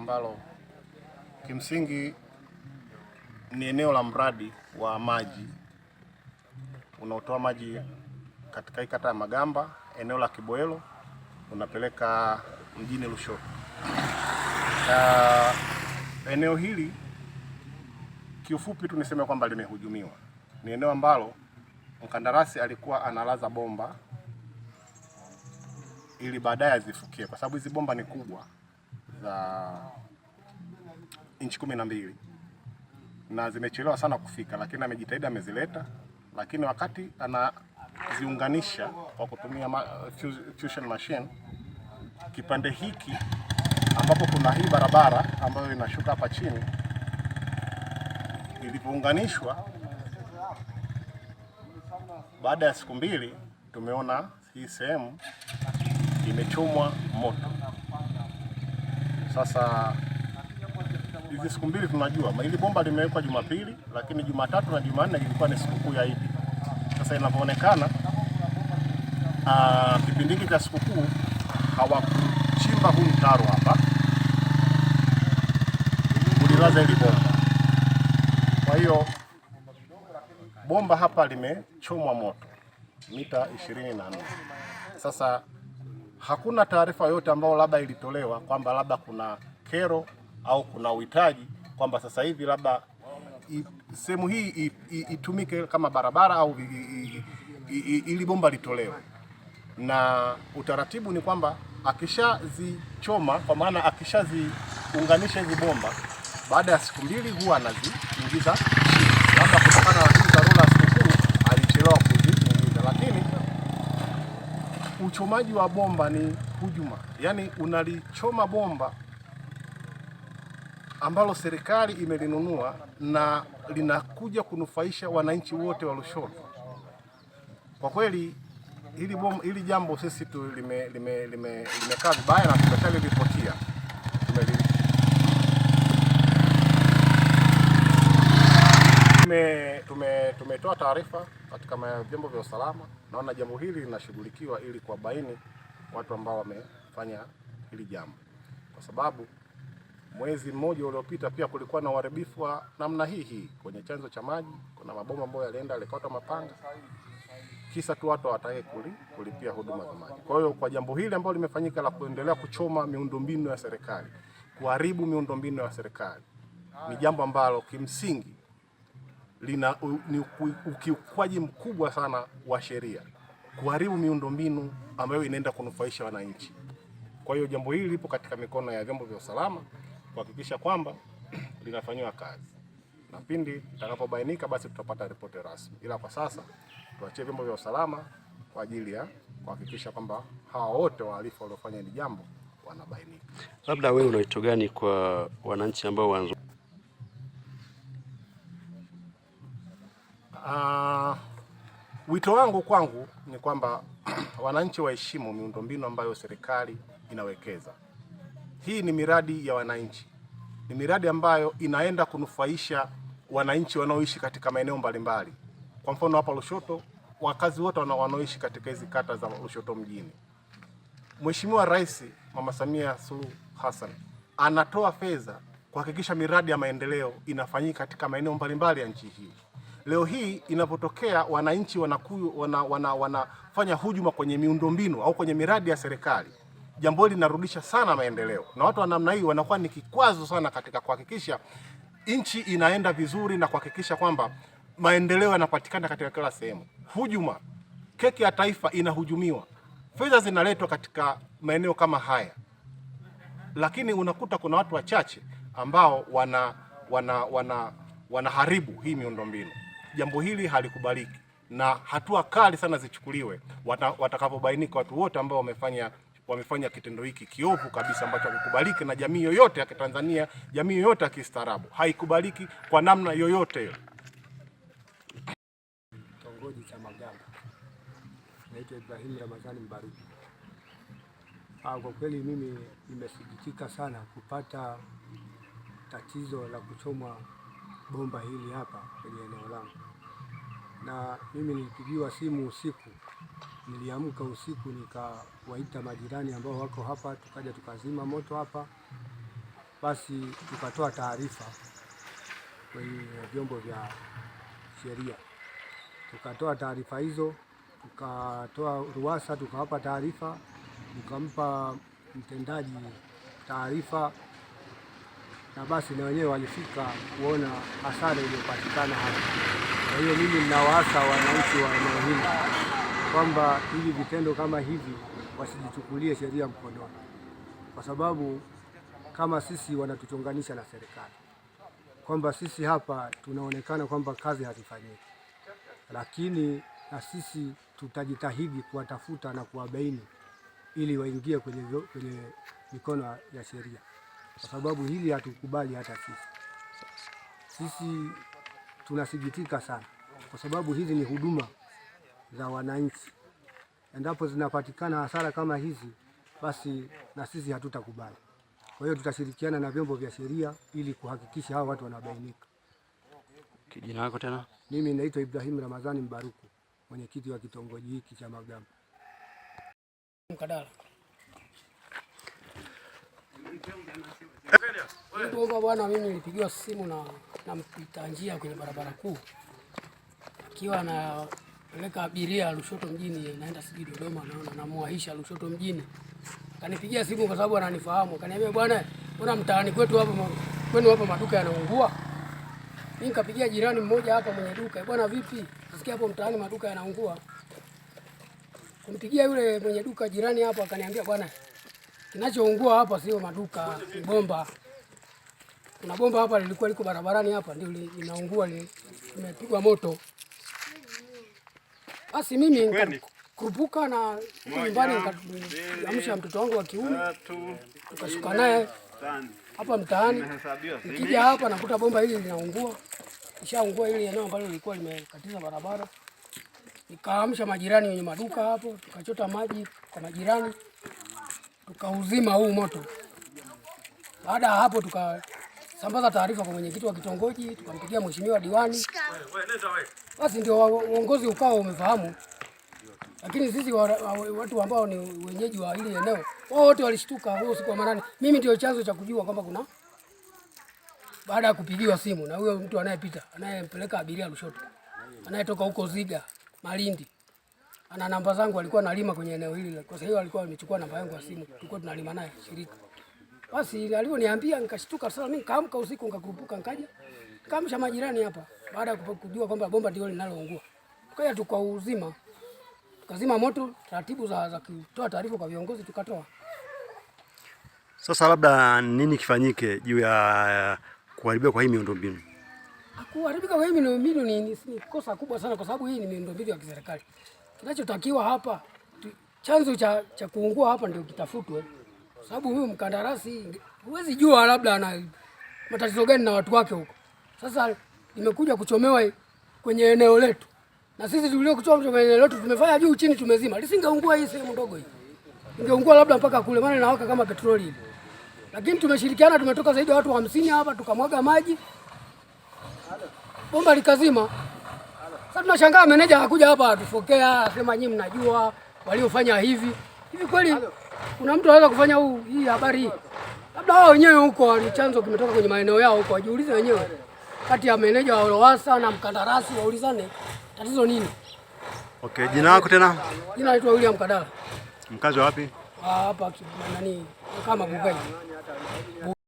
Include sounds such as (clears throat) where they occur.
ambalo kimsingi ni eneo la mradi wa maji unaotoa maji katika kata ya Magamba, eneo la Kiboelo unapeleka mjini Lushoto. Uh, eneo hili kiufupi tu niseme kwamba limehujumiwa. Ni eneo ambalo mkandarasi alikuwa analaza bomba ili baadaye azifukie, kwa sababu hizi bomba ni kubwa za inchi kumi na mbili na zimechelewa sana kufika, lakini amejitahidi amezileta, lakini wakati anaziunganisha kwa kutumia ma, fusion machine kipande hiki ambapo kuna hii barabara ambayo inashuka hapa chini, ilipounganishwa baada ya siku mbili, tumeona hii sehemu imechomwa moto. Sasa hizi siku mbili tunajua hili bomba limewekwa Jumapili, lakini Jumatatu na Jumanne ilikuwa ni sikukuu ya Idi. Sasa inavyoonekana ah, kipindi hiki cha sikukuu hawakuchimba huu mtaro hapa, kulilaza hili bomba. Kwa hiyo bomba hapa limechomwa moto mita ishirini na nne sasa hakuna taarifa yoyote ambayo labda ilitolewa kwamba labda kuna kero au kuna uhitaji kwamba sasa hivi labda sehemu hii itumike kama barabara au ili bomba litolewe. Na utaratibu ni kwamba akishazichoma kwa maana akishaziunganisha hizi bomba, baada ya siku mbili huwa anaziingiza uchomaji wa bomba ni hujuma, yaani unalichoma bomba ambalo serikali imelinunua na linakuja kunufaisha wananchi wote wa Lushoto. Kwa kweli hili, bomba, hili jambo sisi tu limekaa lime, lime, lime vibaya na tumeshali Nimetoa taarifa katika vyombo vya usalama, naona jambo hili linashughulikiwa ili kuwabaini watu ambao wamefanya hili jambo, kwa sababu mwezi mmoja uliopita pia kulikuwa na uharibifu wa namna hii hii kwenye chanzo cha maji. Kuna mabomba ambayo yalienda yalikata mapanga, kisa tu watu hawataki kulipia huduma za maji. Kwa hiyo kwa jambo hili ambalo limefanyika la kuendelea kuchoma miundombinu ya serikali, kuharibu miundombinu ya serikali, ni jambo ambalo kimsingi lina ni ukiukwaji mkubwa sana wa sheria, kuharibu miundombinu ambayo inaenda kunufaisha wananchi. Kwa hiyo jambo hili lipo katika mikono ya vyombo vya usalama kuhakikisha kwamba (clears throat) linafanywa kazi, na pindi itakapobainika basi tutapata ripoti rasmi, ila kwa sasa tuachie vyombo vya usalama kwa ajili ya kuhakikisha kwamba hawa wote wahalifu waliofanya hili jambo wanabainika. Labda wewe una gani kwa wananchi ambao Uh, wito wangu kwangu ni kwamba (clears throat) wananchi waheshimu miundombinu ambayo serikali inawekeza. Hii ni miradi ya wananchi, ni miradi ambayo inaenda kunufaisha wananchi wanaoishi katika maeneo mbalimbali. Kwa mfano hapa Lushoto, wakazi wote wanaoishi katika hizi kata za Lushoto mjini, Mheshimiwa Rais Mama Samia Suluhu Hassan anatoa fedha kuhakikisha miradi ya maendeleo inafanyika katika maeneo mbalimbali ya nchi hii. Leo hii inapotokea wananchi wanakuyu, wana, wana, wanafanya hujuma kwenye miundombinu au kwenye miradi ya serikali, jambo hili linarudisha sana maendeleo, na watu wa namna hii wanakuwa ni kikwazo sana katika kuhakikisha nchi inaenda vizuri na kuhakikisha kwamba maendeleo yanapatikana katika kila sehemu. Hujuma, keki ya taifa inahujumiwa, fedha zinaletwa katika maeneo kama haya, lakini unakuta kuna watu wachache ambao wana, wana, wana, wanaharibu hii miundombinu jambo hili halikubaliki na hatua kali sana zichukuliwe watakapobainika watu wote ambao wamefanya wamefanya kitendo hiki kiovu kabisa ambacho hakikubaliki na jamii yoyote ya Kitanzania, jamii yoyote ya kistaarabu haikubaliki kwa namna yoyote hiyo. Kitongoji cha Magamba, naitwa Ibrahim Ramadhani Mbaruti. Ah, kwa kweli mimi nimesikitika sana kupata tatizo la kuchomwa bomba hili hapa kwenye eneo langu, na mimi nilipigiwa simu usiku. Niliamka usiku nikawaita majirani ambao wako hapa, tukaja tukazima moto hapa, basi tukatoa taarifa kwenye vyombo vya sheria, tukatoa taarifa hizo, tukatoa ruhasa tukawapa taarifa, tukampa mtendaji taarifa na basi na wenyewe walifika kuona hasara iliyopatikana hapa. Kwa hiyo mimi ninawaasa wananchi wa eneo hili kwamba hivi vitendo kama hivi wasijichukulie sheria mkononi, kwa sababu kama sisi wanatuchonganisha na serikali kwamba sisi hapa tunaonekana kwamba kazi hazifanyiki, lakini na sisi tutajitahidi kuwatafuta na kuwabaini ili waingie kwenye, kwenye mikono ya sheria kwa sababu hili hatukubali hata sisi. Sisi tunasikitika sana, kwa sababu hizi ni huduma za wananchi. Endapo zinapatikana hasara kama hizi, basi na sisi hatutakubali. Kwa hiyo tutashirikiana na vyombo vya sheria ili kuhakikisha hawa watu wanabainika. Kijina wako tena? Mimi naitwa Ibrahim Ramadhani Mbaruku, mwenyekiti wa kitongoji hiki cha Magamba Mkadala. Hivyo bwana, mimi nilipigiwa simu na, na mpita njia kwenye barabara kuu akiwa anapeleka abiria Lushoto mjini, naenda sijui Dodoma, naona namuahisha Lushoto mjini. Kanipigia simu kwa sababu ananifahamu, kaniambia bwana, mbona mtaani kwetu hapa kwenu hapa maduka yanaungua? Mimi nikapigia jirani mmoja hapa mwenye duka, eh, bwana vipi, nasikia hapo mtaani maduka yanaungua. Kumpigia yule mwenye duka jirani hapa, akaniambia bwana Kinachoungua hapa sio maduka, ni bomba. Kuna bomba hapa lilikuwa liko barabarani hapa, ndio linaungua, limepigwa moto. Basi mimi nikakurupuka na nyumbani, nikamsha mtoto wangu wa kiume, tukashuka naye hapa mtaani. Nikija hapa nakuta bomba hili linaungua, ishaungua ili eneo ambalo lilikuwa limekatiza barabara. Nikaamsha majirani wenye maduka hapo, tukachota maji kwa majirani tukauzima huu moto. Baada ya hapo, tukasambaza taarifa kwa mwenyekiti wa kitongoji, tukampigia mheshimiwa diwani, basi ndio uongozi ukawa umefahamu. Lakini sisi watu ambao ni wenyeji wa hili eneo, wao wote walishtuka huo siku wa Manane. Mimi ndio chanzo cha kujua kwamba kuna baada ya kupigiwa simu na huyo mtu anayepita anayempeleka abiria Lushoto, anayetoka huko Ziga Malindi ana namba zangu, alikuwa analima kwenye eneo hili. Kwa sababu alikuwa amechukua namba yangu ya simu, tulikuwa tunalima naye shirika. Basi alivyoniambia nikashtuka sana, mimi nikaamka usiku nikakurupuka, nikaja kaamsha majirani hapa, baada ya kujua kwamba bomba ndio linaloungua. Tukaja tukwa uzima, tukazima moto taratibu za, za kutoa taarifa kwa viongozi tukatoa. Sasa labda nini kifanyike juu ya kuharibika kwa hii miundombinu? Kuharibika kwa hii miundombinu ni, ni, ni kosa kubwa sana, kwa sababu hii ni miundombinu ya kiserikali. Kinachotakiwa hapa chanzo cha, cha kuungua hapa ndio kitafutwe, sababu huyu mkandarasi huwezi jua labda ana matatizo gani na watu wake huko. Sasa imekuja kuchomewa kwenye eneo letu, na sisi tulio tuliokuchoma kwenye eneo letu tumefanya juu chini, tumezima. Lisingeungua hii sehemu ndogo hii, ingeungua labda mpaka kule, maana inawaka kama petroli hivi. Lakini tumeshirikiana, tumetoka zaidi ya watu 50 hapa, tukamwaga maji, bomba likazima. Sasa tunashangaa meneja hakuja hapa atufokea, asema nyinyi mnajua waliofanya hivi. Hivi kweli kuna mtu anaweza kufanya huu hii habari hii? Labda wao wenyewe huko ni chanzo kimetoka kwenye maeneo yao huko, wajiulize wenyewe. Kati ya meneja wa Lowassa na mkandarasi waulizane tatizo nini? Okay, jina lako tena? Jina naitwa William Kadala. Mkazi wa wapi? Ah, hapa nani? Kama Bugani.